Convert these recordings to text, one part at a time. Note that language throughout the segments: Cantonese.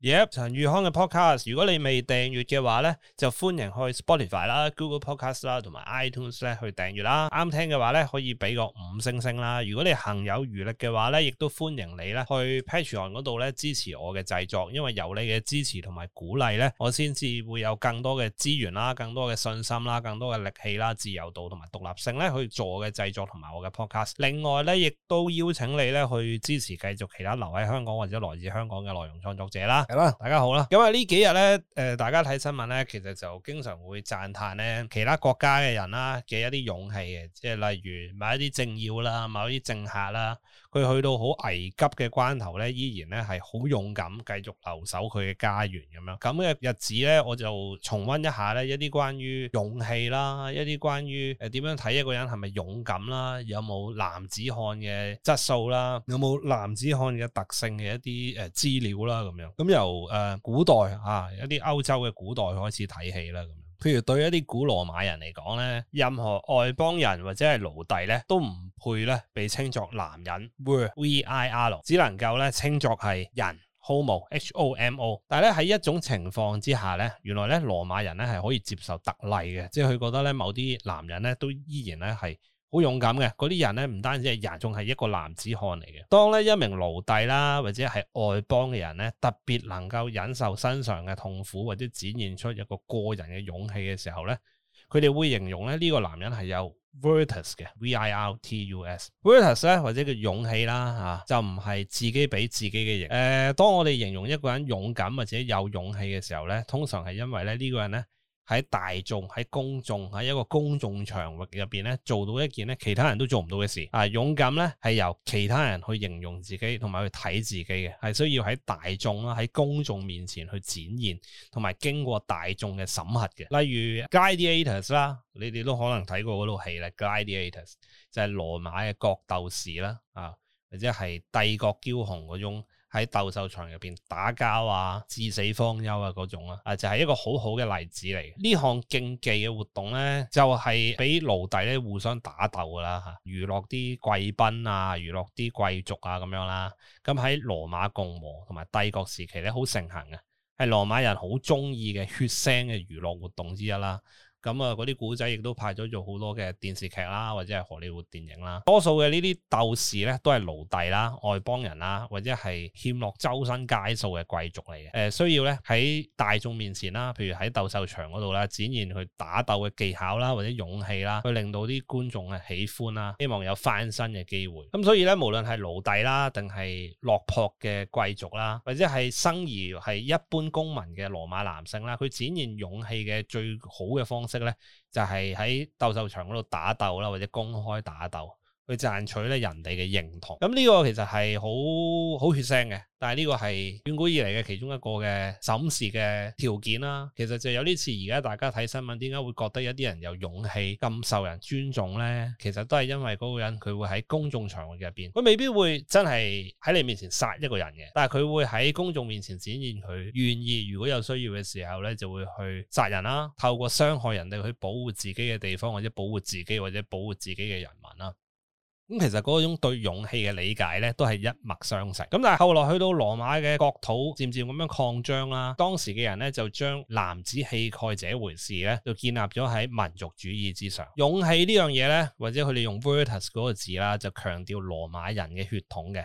Yep！陳宇康嘅 podcast，如果你未訂閱嘅話咧，就歡迎去 Spotify 啦、Google Podcast 啦同埋 iTunes 咧去訂閱啦。啱聽嘅話咧，可以俾個五星星啦。如果你行有餘力嘅話咧，亦都歡迎你咧去 Patreon 度咧支持我嘅製作，因為有你嘅支持同埋鼓勵咧，我先至會有更多嘅資源啦、更多嘅信心啦、更多嘅力氣啦、自由度同埋獨立性咧去做我嘅製作同埋我嘅 podcast。另外咧，亦都邀請你咧去支持繼續其他留喺香港或者來自香港嘅內容創作者啦。係啦，大家好啦。咁啊，呢幾日咧，誒，大家睇新聞咧，其實就經常會讚歎咧，其他國家嘅人啦嘅一啲勇氣嘅，即係例如某一啲政要啦，某一啲政客啦。佢去到好危急嘅關頭咧，依然咧係好勇敢，繼續留守佢嘅家園咁樣。咁嘅日子咧，我就重溫一下咧，一啲關於勇氣啦，一啲關於誒點樣睇一個人係咪勇敢啦，有冇男子漢嘅質素啦，有冇男子漢嘅特性嘅一啲誒資料啦咁樣。咁由誒古代啊，一啲歐洲嘅古代開始睇起啦咁樣，譬如對一啲古羅馬人嚟講咧，任何外邦人或者係奴隸咧，都唔配咧被稱作男人，vir，只能夠咧稱作係人，homo，h-o-m-o。homo，h-o-m-o，但係咧喺一種情況之下咧，原來咧羅馬人咧係可以接受特例嘅，即係佢覺得咧某啲男人咧都依然咧係。好勇敢嘅嗰啲人咧，唔單止係人，仲係一個男子漢嚟嘅。當咧一名奴隸啦，或者係外邦嘅人咧，特別能夠忍受身上嘅痛苦，或者展現出一個個人嘅勇氣嘅時候咧，佢哋會形容咧呢、呢個男人係有 virtus 嘅 v, us v i r t u s, virtus 咧，或者叫勇氣啦吓、啊，就唔係自己俾自己嘅嘢。誒、呃，當我哋形容一個人勇敢或者有勇氣嘅時候咧，通常係因為咧呢、呢個人咧。喺大眾，喺公眾，喺一個公眾場域入邊咧，做到一件咧其他人都做唔到嘅事啊！勇敢咧，係由其他人去形容自己同埋去睇自己嘅，係需要喺大眾啦，喺公眾面前去展現，同埋經過大眾嘅審核嘅。例如 Gladiators 啦，你哋都可能睇過嗰套戲啦 Gladiators 就係、是、羅馬嘅角鬥士啦啊，或者係帝國驕雄嗰種。喺鬥獸場入邊打交啊，至死方休啊嗰種啦，啊就係、是、一個好好嘅例子嚟。呢項競技嘅活動咧，就係、是、俾奴隸咧互相打鬥啦吓，娛樂啲貴賓啊，娛樂啲貴族啊咁樣啦。咁、嗯、喺羅馬共和同埋帝國時期咧，好盛行嘅，係羅馬人好中意嘅血腥嘅娛樂活動之一啦。咁啊，嗰啲古仔亦都拍咗做好多嘅電視劇啦，或者係荷里活電影啦。多數嘅呢啲鬥士咧，都係奴隸啦、外邦人啦，或者係欠落周身街數嘅貴族嚟嘅。誒、呃，需要咧喺大眾面前啦，譬如喺鬥獸場嗰度啦，展現佢打鬥嘅技巧啦，或者勇氣啦，去令到啲觀眾係喜歡啦，希望有翻身嘅機會。咁、嗯、所以咧，無論係奴隸啦，定係落魄嘅貴族啦，或者係生而係一般公民嘅羅馬男性啦，佢展現勇氣嘅最好嘅方。識咧，就係喺鬥獸場嗰度打鬥啦，或者公開打鬥。去賺取咧人哋嘅認同，咁呢個其實係好好血腥嘅，但係呢個係遠古以嚟嘅其中一個嘅審視嘅條件啦。其實就有啲似而家大家睇新聞，點解會覺得一啲人有勇氣咁受人尊重咧？其實都係因為嗰個人佢會喺公眾場合入邊，佢未必會真係喺你面前殺一個人嘅，但係佢會喺公眾面前展現佢願意，如果有需要嘅時候咧，就會去殺人啦。透過傷害人哋去保護自己嘅地方，或者保護自己，或者保護自己嘅人民啦。咁其實嗰種對勇氣嘅理解咧，都係一脈相承。咁但係後來去到羅馬嘅國土漸漸咁樣擴張啦，當時嘅人咧就將男子氣概這回事咧，就建立咗喺民族主義之上。勇氣呢樣嘢咧，或者佢哋用 virtus 嗰個字啦，就強調羅馬人嘅血統嘅，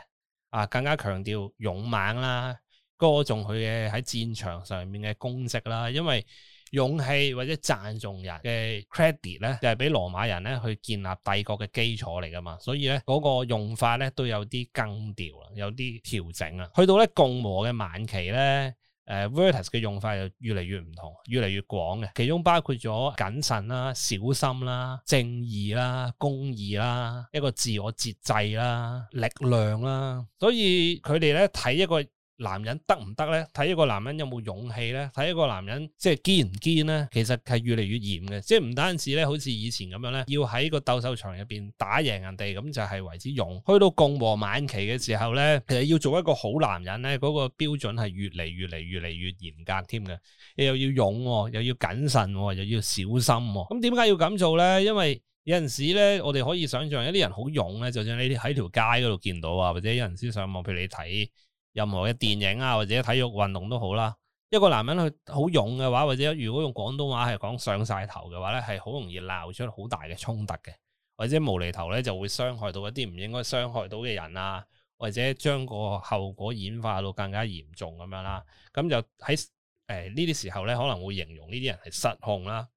啊更加強調勇猛啦，歌頌佢嘅喺戰場上面嘅功績啦，因為。勇氣或者讚頌人嘅 credit 咧，就係俾羅馬人咧去建立帝國嘅基礎嚟㗎嘛，所以咧嗰、那個用法咧都有啲更調啦，有啲調整啦，去到咧共和嘅晚期咧，誒、呃、Virtus 嘅用法就越嚟越唔同，越嚟越廣嘅，其中包括咗謹慎啦、小心啦、正義啦、公義啦、一個自我節制啦、力量啦，所以佢哋咧睇一個男人得唔得咧？睇一個男人有冇勇氣咧？睇一個男人即係堅唔堅咧？其實係越嚟越嚴嘅，即係唔單止咧，好似以前咁樣咧，要喺個鬥獸場入邊打贏人哋，咁就係為之勇。去到共和晚期嘅時候咧，其實要做一個好男人咧，嗰個標準係越嚟越嚟越嚟越嚴格添嘅，又要勇，又要謹慎，慎，又要小心。咁點解要咁做咧？因為有陣時咧，我哋可以想象一啲人好勇咧，就算你喺條街嗰度見到啊，或者有陣時上網，譬如你睇。任何嘅電影啊，或者體育運動都好啦。一個男人去好勇嘅話，或者如果用廣東話係講上晒頭嘅話，呢係好容易鬧出好大嘅衝突嘅，或者無厘頭呢，就會傷害到一啲唔應該傷害到嘅人啊，或者將個後果演化到更加嚴重咁樣啦。咁就喺誒呢啲時候呢，可能會形容呢啲人係失控啦。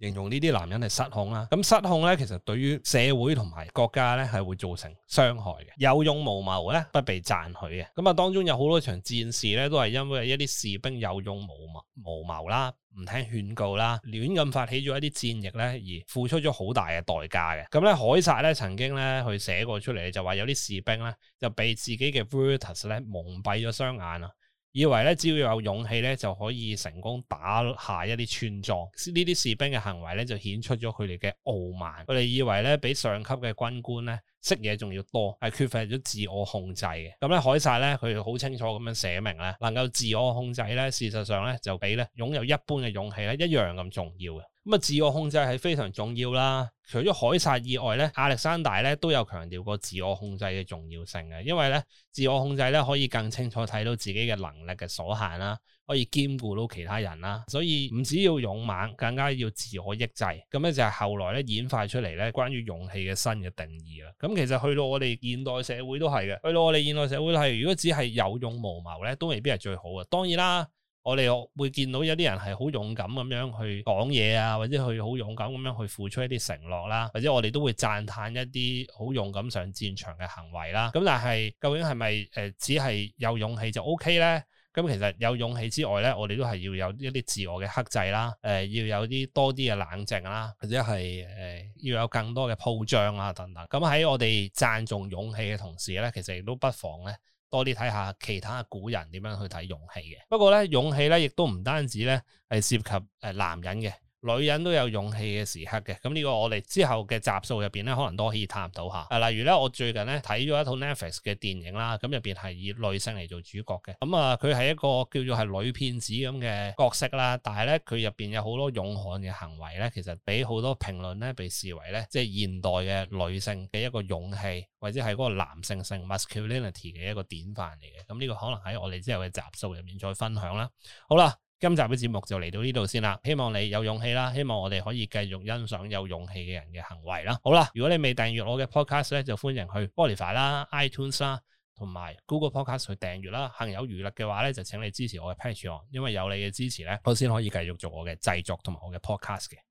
形容呢啲男人係失控啦，咁失控咧，其實對於社會同埋國家咧係會造成傷害嘅。有勇無謀咧，不被讚許嘅。咁啊，當中有好多場戰事咧，都係因為一啲士兵有勇無謀無謀啦，唔聽勸告啦，亂咁發起咗一啲戰役咧，而付出咗好大嘅代價嘅。咁咧，凱撒咧曾經咧佢寫過出嚟，就話有啲士兵咧就被自己嘅 virtus 咧蒙蔽咗雙眼啊。以為咧只要有勇氣咧就可以成功打下一啲村莊，呢啲士兵嘅行為咧就顯出咗佢哋嘅傲慢。佢哋以為咧比上級嘅軍官咧識嘢仲要多，係缺乏咗自我控制嘅。咁咧凱撒咧佢好清楚咁樣寫明咧，能夠自我控制咧，事實上咧就比咧擁有一般嘅勇氣咧一樣咁重要嘅。咁啊，自我控制係非常重要啦。除咗凱撒以外咧，亞歷山大咧都有強調過自我控制嘅重要性嘅。因為咧，自我控制咧可以更清楚睇到自己嘅能力嘅所限啦，可以兼顧到其他人啦。所以唔只要勇猛，更加要自我抑制。咁咧就係後來咧演化出嚟咧關於勇氣嘅新嘅定義啦。咁其實去到我哋現代社會都係嘅，去到我哋現代社會都係，如果只係有勇無謀咧，都未必係最好嘅。當然啦。我哋會見到有啲人係好勇敢咁樣去講嘢啊，或者去好勇敢咁樣去付出一啲承諾啦，或者我哋都會讚歎一啲好勇敢上戰場嘅行為啦。咁但係究竟係咪誒只係有勇氣就 OK 咧？咁其實有勇氣之外咧，我哋都係要有一啲自我嘅克制啦，誒要有啲多啲嘅冷靜啦，或者係誒要有更多嘅鋪張啊等等。咁喺我哋讚頌勇氣嘅同時咧，其實亦都不妨咧。我哋睇下其他古人點樣去睇勇氣嘅，不過咧勇氣咧亦都唔單止咧係涉及誒男人嘅。女人都有勇氣嘅時刻嘅，咁呢個我哋之後嘅集數入邊咧，可能都可以探到下。啊，例如咧，我最近咧睇咗一套 Netflix 嘅電影啦，咁入邊係以女性嚟做主角嘅，咁啊，佢係一個叫做係女騙子咁嘅角色啦，啊，但係咧佢入邊有好多勇悍嘅行為咧，其實俾好多評論咧，被視為咧即係現代嘅女性嘅一個勇氣，或者係嗰個男性性 masculinity 嘅一個典範嚟嘅。咁，啊，呢，這個可能喺我哋之後嘅集數入面再分享啦。好啦。今集嘅節目就嚟到呢度先啦，希望你有勇氣啦，希望我哋可以繼續欣賞有勇氣嘅人嘅行為啦。好啦，如果你未訂閱我嘅 podcast 咧，就歡迎去 Spotify 啦、iTunes 啦，同埋 Google Podcast 去訂閱啦。行有餘力嘅話咧，就請你支持我嘅 patreon，因為有你嘅支持咧，我先可以繼續做我嘅製作同埋我嘅 podcast 嘅。